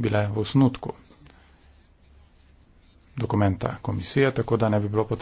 bile v osnutku dokumenta komisije, tako da ne bi bilo potrebno.